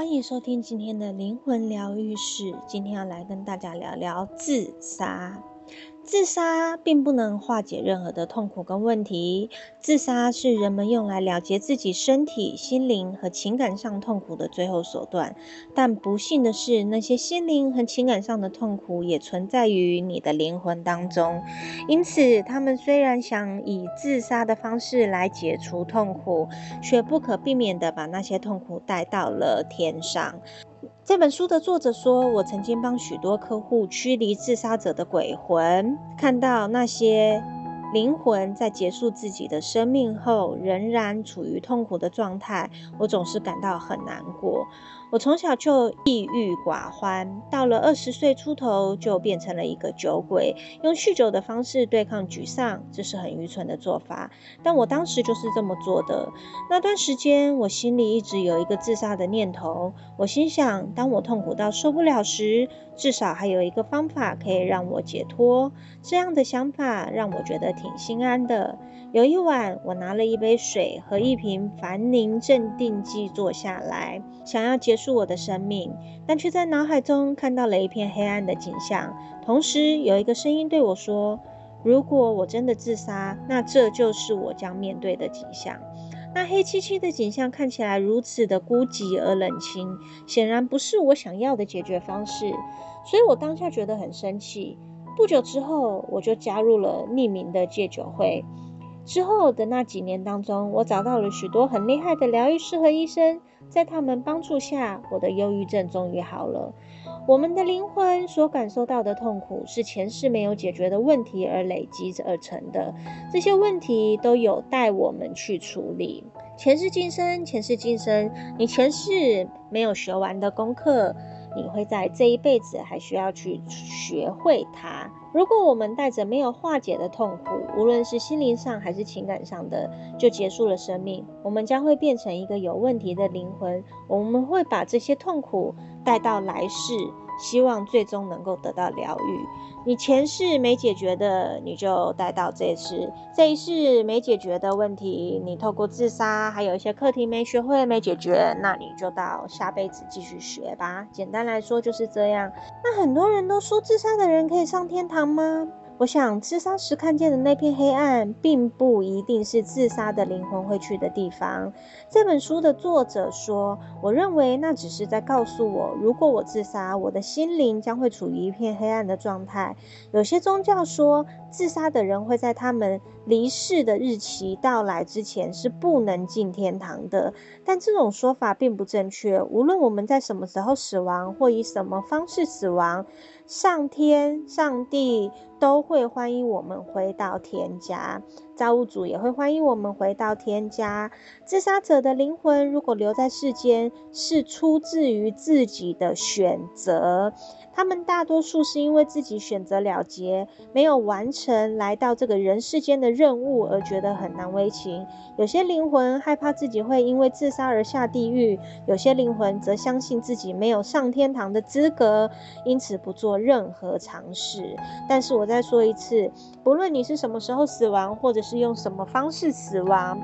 歡迎收聽今天的靈魂療癒室，今天要來跟大家聊聊自殺。自殺並不能化解任何的痛苦跟問題。自殺是人們用來了結自己身體、心靈和情感上痛苦的最後手段。但不幸的是，那些心靈和情感上的痛苦也存在於你的靈魂當中。因此，他們雖然想以自殺的方式來解除痛苦，卻不可避免地把那些痛苦帶到了天上。這本書的作者說：“我曾經幫許多客戶驅離自殺者的鬼魂，看到那些靈魂在結束自己的生命後仍然處於痛苦的狀態，我總是感到很難過。”我從小就抑鬱寡歡，到了二十歲出頭就變成了一個酒鬼，用酗酒的方式對抗沮喪，這是很愚蠢的做法。但我當時就是這麼做的。那段時間，我心裡一直有一個自殺的念頭。我心想，當我痛苦到受不了時，至少還有一個方法可以讓我解脫。這樣的想法讓我覺得挺心安的。有一晚，我拿了一杯水和一瓶煩寧鎮定劑坐下來，想要解，是我的生命，但卻在腦海中看到了一片黑暗的景象。同時，有一個聲音對我說：“如果我真的自殺，那這就是我將面對的景象。”那黑漆漆的景象看起來如此的孤寂而冷清，顯然不是我想要的解決方式。所以我當下覺得很生氣。不久之後，我就加入了匿名的戒酒會。之後的那幾年當中，我找到了許多很厲害的療癒師和醫生，在他們幫助下，我的憂鬱症終於好了。我們的靈魂所感受到的痛苦，是前世沒有解決的問題而累積而成的，這些問題都有待我們去處理。前世今生，前世今生，你前世沒有學完的功課，你會在這一輩子還需要去學會它。如果我們帶着沒有化解的痛苦，無論是心靈上還是情感上的，就結束了生命，我們將會變成一個有問題的靈魂。我們會把這些痛苦帶到來世。希望最終能夠得到療癒。你前世沒解決的，你就帶到這一世，這一世沒解決的問題，你透過自殺，還有一些課題沒學會、沒解決，那你就到下輩子繼續學吧。簡單來說就是這樣。那很多人都說，自殺的人可以上天堂嗎？我想，自殺時看見的那片黑暗，並不一定是自殺的靈魂會去的地方。這本書的作者說：“我認為那只是在告訴我，如果我自殺，我的心靈將會處於一片黑暗的狀態。”有些宗教說，自殺的人會在他們離世的日期到來之前是不能進天堂的，但這種說法並不正確。無論我們在什麼時候死亡，或以什麼方式死亡，上天、上帝。都會歡迎我們回到天家，造物主也會歡迎我們回到天家。自殺者的靈魂如果留在世間，是出自於自己的選擇。他們大多數是因為自己選擇了結，沒有完成來到這個人世間的任務而覺得很難為情。有些靈魂害怕自己會因為自殺而下地獄，有些靈魂則相信自己沒有上天堂的資格，因此不做任何嘗試。但是我。再說一次，不論你是什麼時候死亡，或者是用什麼方式死亡。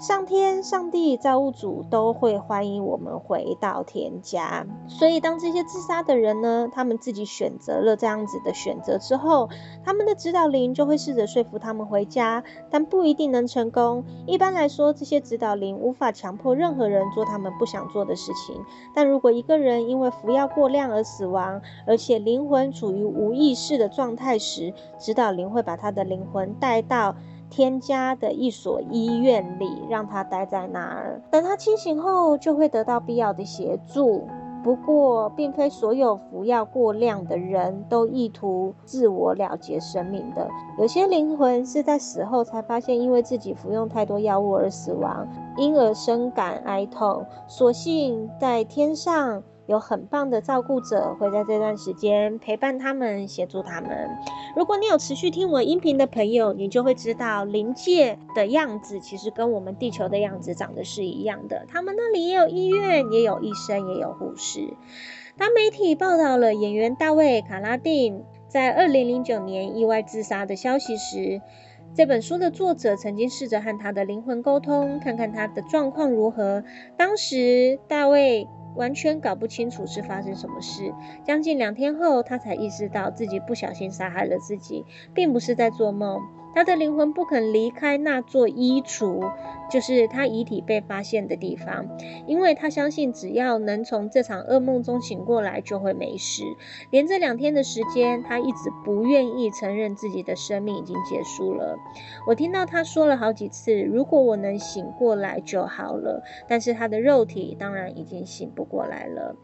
上天、上帝、造物主都會歡迎我們回到天家。所以，當這些自殺的人呢，他們自己選擇了這樣子的選擇之後，他們的指導靈就會試着說服他們回家，但不一定能成功。一般來說，這些指導靈無法強迫任何人做他們不想做的事情。但如果一個人因為服藥過量而死亡，而且靈魂處於無意識的狀態時，指導靈會把他的靈魂帶到。添加的一所醫院裡，讓他待在那兒。等他清醒後，就會得到必要的協助。不過，並非所有服藥過量的人都意圖自我了結生命的。有些靈魂是在死後才發現，因為自己服用太多藥物而死亡，因而深感哀痛，索性在天上。有很棒的照顧者會在這段時間陪伴他們，協助他們。如果你有持續聽我音頻的朋友，你就會知道靈界的樣子其實跟我們地球的樣子長得是一樣的。他們那裡也有醫院，也有醫生，也有護士。當媒體報道了演員大衛·卡拉丁在二零零九年意外自殺的消息時，這本書的作者曾經試着和他的靈魂溝通，看看他的狀況如何。當時，大衛。完全搞不清楚是發生什麼事。將近兩天後，他才意識到自己不小心殺害了自己，並不是在做夢。他的靈魂不肯離開那座衣櫥，就是他遺體被發現的地方，因為他相信只要能從這場噩夢中醒過來，就會沒事。連着兩天的時間，他一直不願意承認自己的生命已經結束了。我聽到他說了好幾次：“如果我能醒過來就好了。”但是他的肉體當然已經醒不過來了。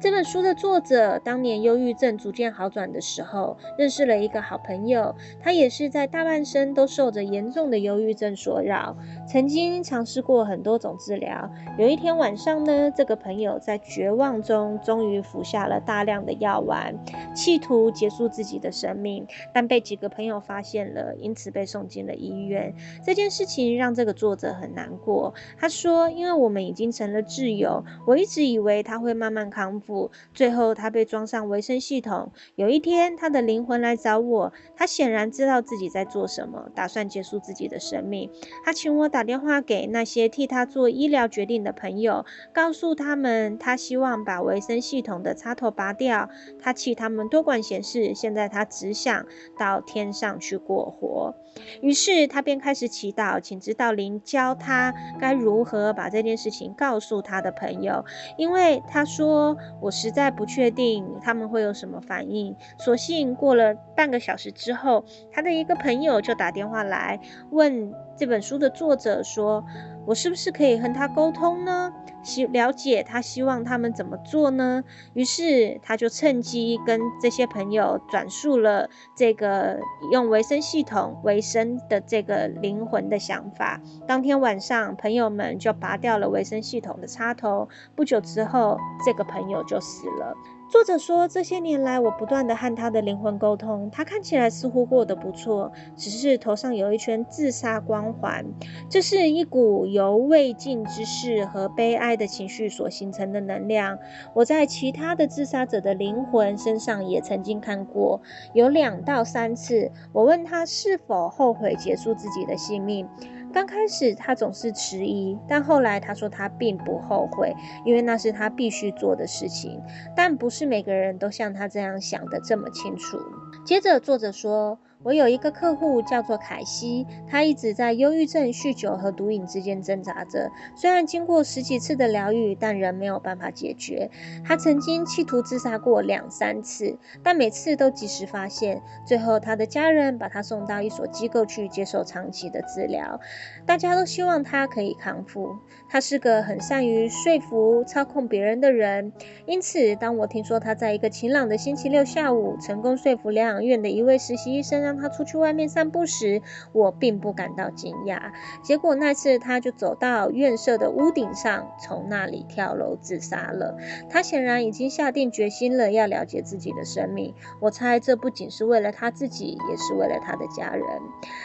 這本書的作者當年憂鬱症逐漸好轉的時候，認識了一個好朋友，他也是在大半生都受着嚴重的憂鬱症所擾，曾經嘗試過很多種治療。有一天晚上呢，這個朋友在絕望中終於服下了大量的藥丸，企圖結束自己的生命，但被幾個朋友發現了，因此被送進了醫院。這件事情讓這個作者很難過。他說：“因為我們已經成了摯友，我一直以為他會慢慢康復。”最後，他被裝上維生系統。有一天，他的靈魂來找我。他顯然知道自己在做什麼，打算結束自己的生命。他請我打電話給那些替他做醫療決定的朋友，告訴他們他希望把維生系統的插頭拔掉。他氣他們多管閒事。現在，他只想到天上去過活。於是，他便開始祈禱，請指導靈教他該如何把這件事情告訴他的朋友，因為他說。我實在不確定他們會有什麼反應，所幸過了半個小時之後，他的一個朋友就打電話來問這本書的作者說：“我是不是可以和他溝通呢？”希了解他希望他們怎麼做呢？於是他就趁機跟這些朋友轉述了這個用維生系統維生的這個靈魂的想法。當天晚上，朋友們就拔掉了維生系統的插頭。不久之後，這個朋友就死了。作者說，這些年來，我不斷地和他的靈魂溝通。他看起來似乎過得不錯，只是頭上有一圈自殺光環。這是一股由未盡之事和悲哀的情緒所形成的能量。我在其他的自殺者的靈魂身上也曾經看過，有兩到三次。我問他是否後悔結束自己的性命。剛開始他總是遲疑，但後來他說他並不後悔，因為那是他必須做的事情。但不是每個人都像他這樣想得這麼清楚。接着作者說。我有一個客戶叫做凱西，他一直在憂鬱症、酗酒和毒癮之間掙扎着。雖然經過十幾次的療癒，但仍沒有辦法解決。他曾經企圖自殺過兩三次，但每次都及時發現。最後，他的家人把他送到一所機構去接受長期的治療。大家都希望他可以康復。他是個很善於說服、操控別人的人，因此，當我聽說他在一個晴朗的星期六下午，成功說服療養院的一位實習醫生。當他出去外面散步時，我並不感到驚訝。結果那次，他就走到院舍的屋頂上，從那裡跳樓自殺了。他顯然已經下定決心了，要了結自己的生命。我猜這不僅是為了他自己，也是為了他的家人。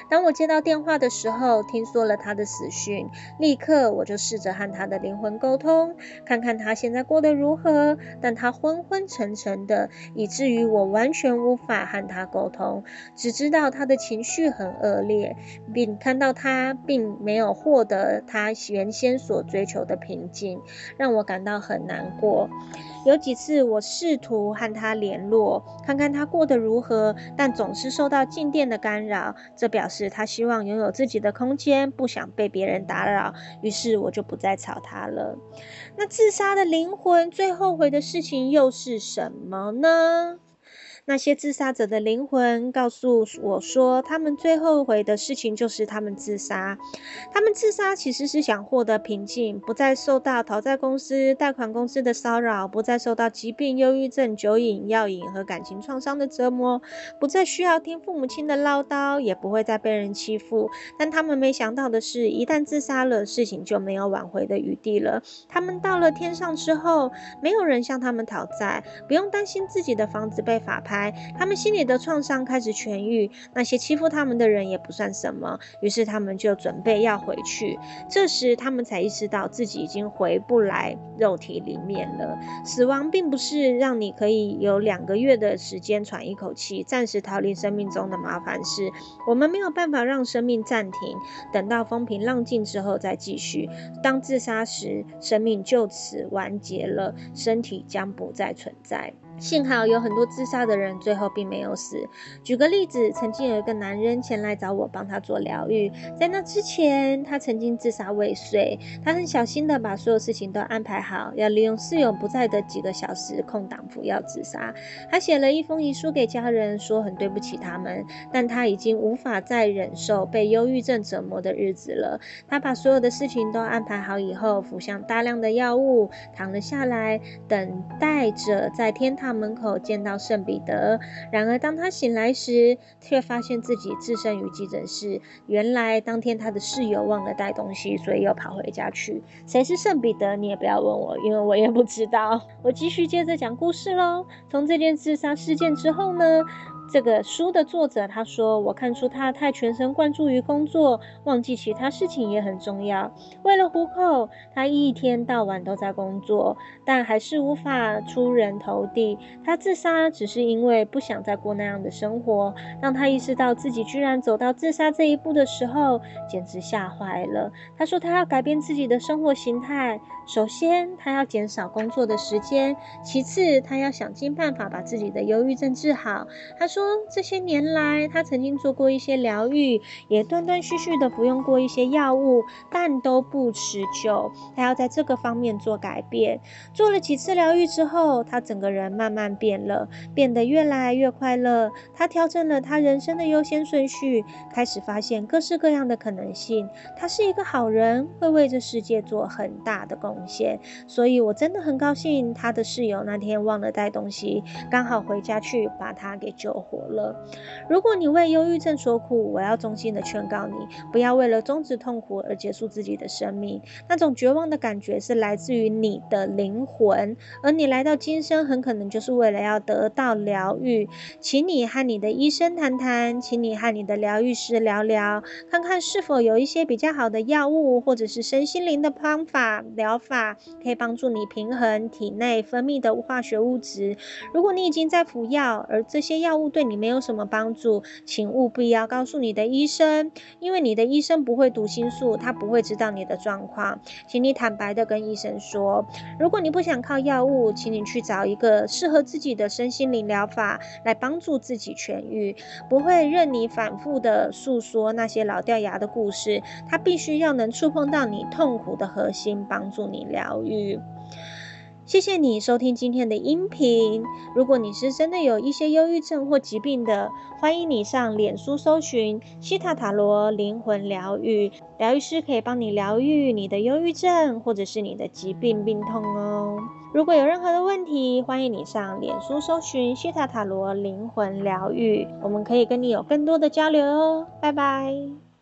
當我接到電話的時候，聽說了他的死訊，立刻我就試着和他的靈魂溝通，看看他現在過得如何。但他昏昏沉沉的，以至於我完全無法和他溝通。只知道他的情緒很惡劣，並看到他並沒有獲得他原先所追求的平靜，讓我感到很難過。有幾次我試圖和他聯絡，看看他過得如何，但總是受到靜電的干擾。這表示他希望擁有自己的空間，不想被別人打擾。於是我就不再吵他了。那自殺的靈魂最後悔的事情又是什麼呢？那些自殺者的靈魂告訴我說，他們最後悔的事情就是他們自殺。他們自殺其實是想獲得平靜，不再受到討債公司、貸款公司的騷擾，不再受到疾病、憂鬱症、酒癮、藥癮和感情創傷的折磨，不再需要聽父母親的嘮叨，也不會再被人欺負。但他們沒想到的是，一旦自殺了，事情就沒有挽回的餘地了。他們到了天上之後，沒有人向他們討債，不用擔心自己的房子被法拍。他們心裡的創傷開始痊癒，那些欺負他們的人也不算什麼。於是他們就準備要回去，這時他們才意識到自己已經回不來肉體裡面了。死亡並不是讓你可以有兩個月的時間喘一口氣，暫時逃離生命中的麻煩事。我們沒有辦法讓生命暫停，等到風平浪靜之後再繼續。當自殺時，生命就此完結了，身體將不再存在。幸好有很多自殺的人最後並沒有死。舉個例子，曾經有一個男人前來找我幫他做療癒，在那之前，他曾經自殺未遂。他很小心的把所有事情都安排好，要利用室友不在的幾個小時空檔服藥自殺。他寫了一封遺書給家人，說很對不起他們，但他已經無法再忍受被憂鬱症折磨的日子了。他把所有的事情都安排好以後，服下大量的藥物，躺了下來，等待着在天堂大門口見到聖彼得，然而當他醒來時，卻發現自己置身於急診室。原來當天他的室友忘了帶東西，所以又跑回家去。誰是聖彼得？你也不要問我，因為我也不知道。我繼續接着講故事嘍。從這件自殺事件之後呢，這個書的作者他說：“我看出他太全神貫注於工作，忘記其他事情也很重要。為了糊口，他一天到晚都在工作，但還是無法出人頭地。他自殺只是因為不想再過那樣的生活。當他意識到自己居然走到自殺這一步的時候，簡直嚇壞了。他說他要改變自己的生活形態，首先他要減少工作的時間，其次他要想盡辦法把自己的憂鬱症治好。他說。”這些年來，他曾經做過一些療癒，也斷斷續續的服用過一些藥物，但都不持久。他要在這個方面做改變。做了幾次療癒之後，他整個人慢慢變了，變得越來越快樂。他調整了他人生的優先順序，開始發現各式各樣的可能性。他是一個好人，會為這世界做很大的貢獻。所以，我真的很高興他的室友那天忘了帶東西，剛好回家去把他給救活了。如果你為憂鬱症所苦，我要衷心的勸告你，不要為了終止痛苦而結束自己的生命。那種絕望的感覺是來自於你的靈魂，而你來到今生很可能就是為了要得到療癒。請你和你的醫生談談，請你和你的療癒師聊聊，看看是否有一些比較好的藥物或者是身心靈的方法療法，可以幫助你平衡體內分泌的化學物質。如果你已經在服藥，而這些藥物對你沒有什麼幫助，請務必要告訴你的醫生，因為你的醫生不會讀心術，他不會知道你的狀況。請你坦白的跟醫生說，如果你不想靠藥物，請你去找一個適合自己的身心靈療法來幫助自己痊愈，不會任你反覆的訴說那些老掉牙的故事。他必須要能觸碰到你痛苦的核心，幫助你療癒。謝謝你收聽今天的音頻。如果你是真的有一些憂鬱症或疾病的，歡迎你上臉書搜尋希塔塔羅靈魂療癒，療癒師可以幫你療癒你的憂鬱症或者是你的疾病病痛哦。如果有任何的問題，歡迎你上臉書搜尋希塔塔羅靈魂療癒，我們可以跟你有更多的交流哦。拜拜。